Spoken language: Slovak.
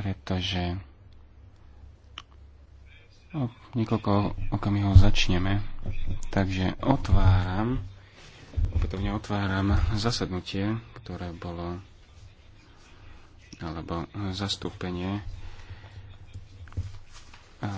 pretože o niekoľko okamihov začneme. Takže otváram, opätovne otváram zasadnutie, ktoré bolo alebo zastúpenie